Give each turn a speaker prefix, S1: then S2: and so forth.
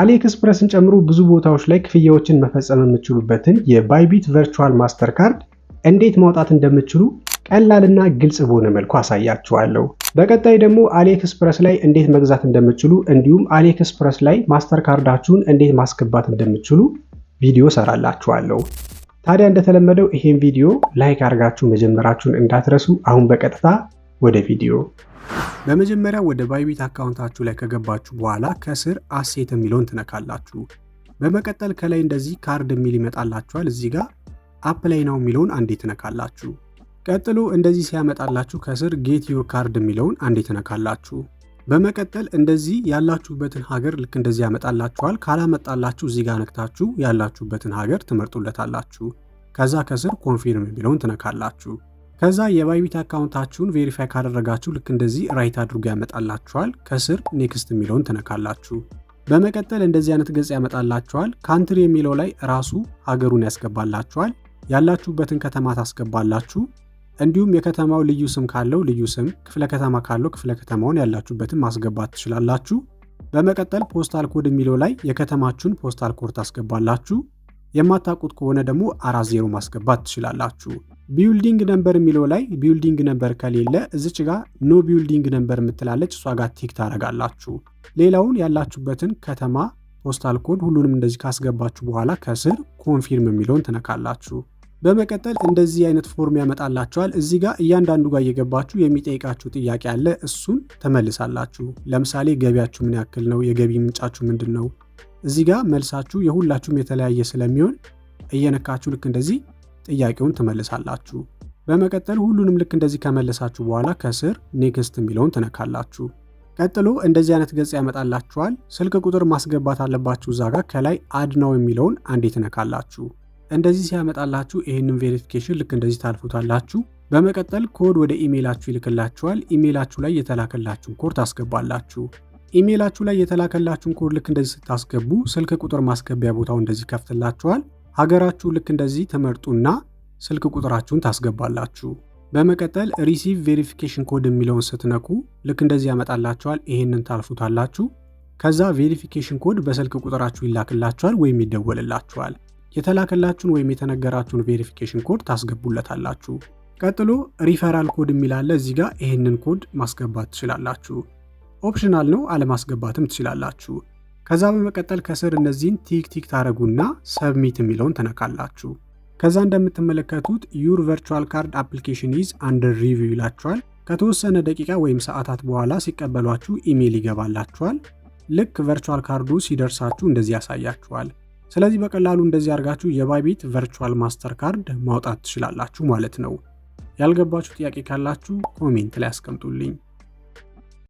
S1: አሊኤክስፕረስን ጨምሮ ብዙ ቦታዎች ላይ ክፍያዎችን መፈጸም የምትችሉበትን የባይቢት ቨርቹዋል ማስተር ካርድ እንዴት ማውጣት እንደምትችሉ ቀላልና ግልጽ በሆነ መልኩ አሳያችኋለሁ። በቀጣይ ደግሞ አሊኤክስፕረስ ላይ እንዴት መግዛት እንደምትችሉ እንዲሁም አሊኤክስፕረስ ላይ ማስተር ካርዳችሁን እንዴት ማስገባት እንደምትችሉ ቪዲዮ ሰራላችኋለሁ። ታዲያ እንደተለመደው ይሄን ቪዲዮ ላይክ አድርጋችሁ መጀመራችሁን እንዳትረሱ። አሁን በቀጥታ ወደ ቪዲዮ በመጀመሪያ ወደ ባይቢት አካውንታችሁ ላይ ከገባችሁ በኋላ ከስር አሴት የሚለውን ትነካላችሁ። በመቀጠል ከላይ እንደዚህ ካርድ የሚል ይመጣላችኋል። እዚህ ጋር አፕላይ ነው የሚለውን አንዴ ትነካላችሁ። ቀጥሎ እንደዚህ ሲያመጣላችሁ ከስር ጌት ዮር ካርድ የሚለውን አንዴ ትነካላችሁ። በመቀጠል እንደዚህ ያላችሁበትን ሀገር ልክ እንደዚህ ያመጣላችኋል። ካላመጣላችሁ እዚህ ጋር ነክታችሁ ያላችሁበትን ሀገር ትመርጡለታላችሁ። ከዛ ከስር ኮንፊርም የሚለውን ትነካላችሁ። ከዛ የባይቢት አካውንታችሁን ቬሪፋይ ካደረጋችሁ ልክ እንደዚህ ራይት አድርጎ ያመጣላችኋል። ከስር ኔክስት የሚለውን ትነካላችሁ። በመቀጠል እንደዚህ አይነት ገጽ ያመጣላችኋል። ካንትሪ የሚለው ላይ ራሱ ሀገሩን ያስገባላችኋል። ያላችሁበትን ከተማ ታስገባላችሁ። እንዲሁም የከተማው ልዩ ስም ካለው ልዩ ስም፣ ክፍለ ከተማ ካለው ክፍለ ከተማውን ያላችሁበትን ማስገባት ትችላላችሁ። በመቀጠል ፖስታል ኮድ የሚለው ላይ የከተማችሁን ፖስታል ኮድ ታስገባላችሁ። የማታውቁት ከሆነ ደግሞ አራት ዜሮ ማስገባት ትችላላችሁ። ቢውልዲንግ ነንበር የሚለው ላይ ቢውልዲንግ ነንበር ከሌለ እዚች ጋ ኖ ቢውልዲንግ ነንበር የምትላለች እሷ ጋር ቲክ ታረጋላችሁ። ሌላውን ያላችሁበትን ከተማ ፖስታል ኮድ ሁሉንም እንደዚህ ካስገባችሁ በኋላ ከስር ኮንፊርም የሚለውን ትነካላችሁ። በመቀጠል እንደዚህ አይነት ፎርም ያመጣላችኋል። እዚህ ጋር እያንዳንዱ ጋር እየገባችሁ የሚጠይቃችሁ ጥያቄ አለ። እሱን ትመልሳላችሁ። ለምሳሌ ገቢያችሁ ምን ያክል ነው? የገቢ ምንጫችሁ ምንድን ነው? እዚህ ጋር መልሳችሁ የሁላችሁም የተለያየ ስለሚሆን እየነካችሁ ልክ እንደዚህ ጥያቄውን ትመልሳላችሁ። በመቀጠል ሁሉንም ልክ እንደዚህ ከመለሳችሁ በኋላ ከስር ኔክስት የሚለውን ትነካላችሁ። ቀጥሎ እንደዚህ አይነት ገጽ ያመጣላችኋል። ስልክ ቁጥር ማስገባት አለባችሁ። እዛ ጋር ከላይ አድ ነው የሚለውን አንዴ ትነካላችሁ። እንደዚህ ሲያመጣላችሁ ይህንን ቬሪፊኬሽን ልክ እንደዚህ ታልፉታላችሁ። በመቀጠል ኮድ ወደ ኢሜይላችሁ ይልክላችኋል። ኢሜይላችሁ ላይ የተላከላችሁን ኮድ ታስገባላችሁ። ኢሜይላችሁ ላይ የተላከላችሁን ኮድ ልክ እንደዚህ ስታስገቡ ስልክ ቁጥር ማስገቢያ ቦታው እንደዚህ ከፍትላችኋል። ሀገራችሁ ልክ እንደዚህ ትመርጡና ስልክ ቁጥራችሁን ታስገባላችሁ። በመቀጠል ሪሲቭ ቬሪፊኬሽን ኮድ የሚለውን ስትነኩ ልክ እንደዚህ ያመጣላችኋል። ይሄንን ታልፉታላችሁ። ከዛ ቬሪፊኬሽን ኮድ በስልክ ቁጥራችሁ ይላክላችኋል ወይም ይደወልላችኋል። የተላከላችሁን ወይም የተነገራችሁን ቬሪፊኬሽን ኮድ ታስገቡለታላችሁ። ቀጥሎ ሪፈራል ኮድ የሚላለ እዚህ ጋር ይህንን ኮድ ማስገባት ትችላላችሁ። ኦፕሽናል ነው፣ አለማስገባትም ትችላላችሁ። ከዛ በመቀጠል ከስር እነዚህን ቲክ ቲክ ታደረጉና ሰብሚት የሚለውን ትነካላችሁ። ከዛ እንደምትመለከቱት ዩር ቨርቹዋል ካርድ አፕሊኬሽን ኢዝ አንደር ሪቪው ይላችኋል። ከተወሰነ ደቂቃ ወይም ሰዓታት በኋላ ሲቀበሏችሁ ኢሜይል ይገባላችኋል። ልክ ቨርቹዋል ካርዱ ሲደርሳችሁ እንደዚህ ያሳያችኋል። ስለዚህ በቀላሉ እንደዚህ አድርጋችሁ የባይቢት ቨርቹዋል ማስተር ካርድ ማውጣት ትችላላችሁ ማለት ነው። ያልገባችሁ ጥያቄ ካላችሁ ኮሜንት ላይ አስቀምጡልኝ።